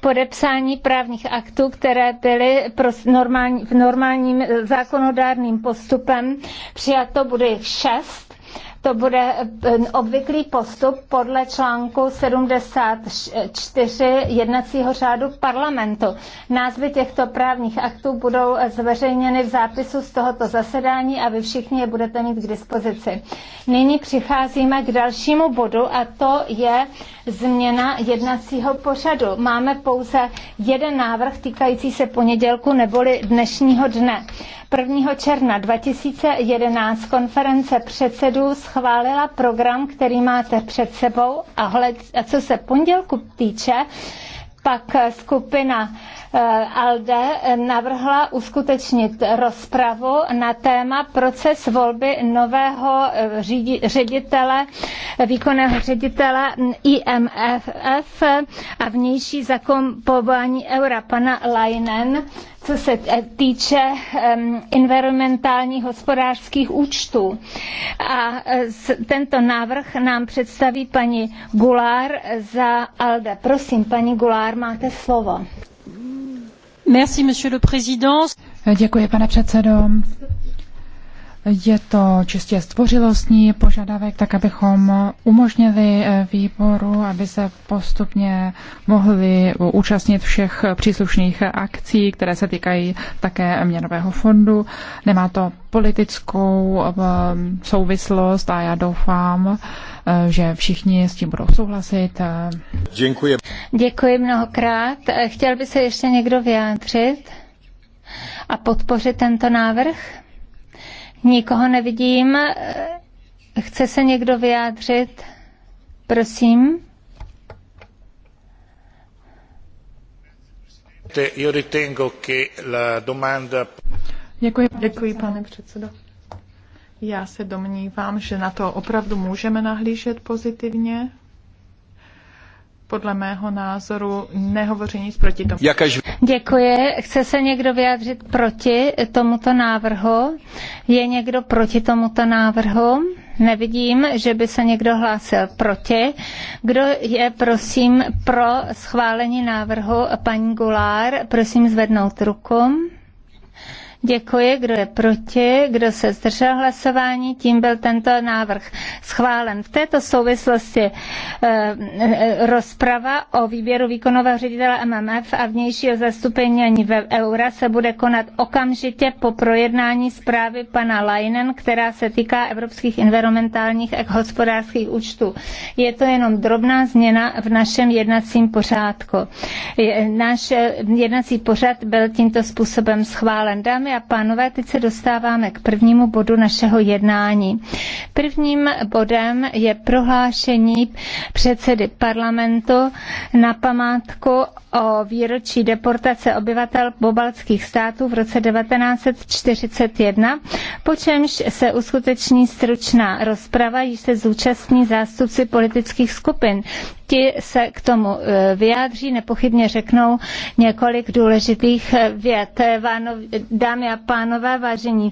podepsání právních aktů, které byly pro normální, normálním eh, zákonodárným postupem přijato, bude jich šest to bude eh, obvyklý postup podle článku 74 jednacího řádu parlamentu. Názvy těchto právních aktů budou zveřejněny v zápisu z tohoto zasedání a vy všichni je budete mít k dispozici. Nyní přicházíme k dalšímu bodu a to je změna jednacího pořadu. Máme pouze jeden návrh týkající se ponědělku neboli dnešního dne. 1. června 2011 konference předsedů schválila program, který máte před sebou a, hled, a co se pondělku týče, pak skupina Eh, ALDE navrhla uskutečnit rozpravu na téma proces volby nového eh, řidi, ředitele, výkonného ředitele IMF a vnější zakompování eura pana Leinen, co se eh, týče environmentálních hospodářských účtů. A tento návrh nám představí paní Gulár za ALDE. Prosím, paní Gulár, máte slovo. Děkuji, pane předsedo. Je to čistě stvořilostní požadavek, tak abychom umožnili eh, výboru, aby se postupně mohli účastnit všech příslušných akcí, které se týkají také měnového fondu. Nemá to politickou eh, souvislost a já doufám, eh, že všichni s tím budou souhlasit. Děkuji. Děkuji mnohokrát. Eh, chtěl by se ještě někdo vyjádřit a podpořit tento návrh? Nikoho nevidím. Eh, chce se někdo vyjádřit? Prosím. Děkuji, děkuji, pane předsedo. Já se domnívám, že na to opravdu můžeme nahlížet pozitivně, podle mého názoru nehovoří nic proti tomu. Jakaž... Děkuji. Chce se někdo vyjádřit proti tomuto návrhu? Je někdo proti tomuto návrhu? Nevidím, že by se někdo hlásil proti. Kdo je, prosím, pro schválení návrhu paní Gulár? Prosím zvednout ruku. Děkuji, kdo je proti, kdo se zdržel hlasování, tím byl tento návrh schválen. V této souvislosti eh, eh rozprava o výběru výkonového ředitele MMF a vnějšího zastupení ve Eura se bude konat okamžitě po projednání zprávy pana Leinen, která se týká evropských environmentálních a hospodářských účtů. Je to jenom drobná změna v našem jednacím pořádku. Náš eh, jednací pořad byl tímto způsobem schválen. Dámy Dámy a pánové, teď se dostáváme k prvnímu bodu našeho jednání. Prvním bodem je prohlášení předsedy parlamentu na památku o výročí deportace obyvatel bobalských států v roce 1941, po čemž se uskuteční stručná rozprava, již se zúčastní zástupci politických skupin ti se k tomu eh, vyjádří, nepochybně řeknou několik důležitých eh, vět. Eh, dámy a pánové, vážení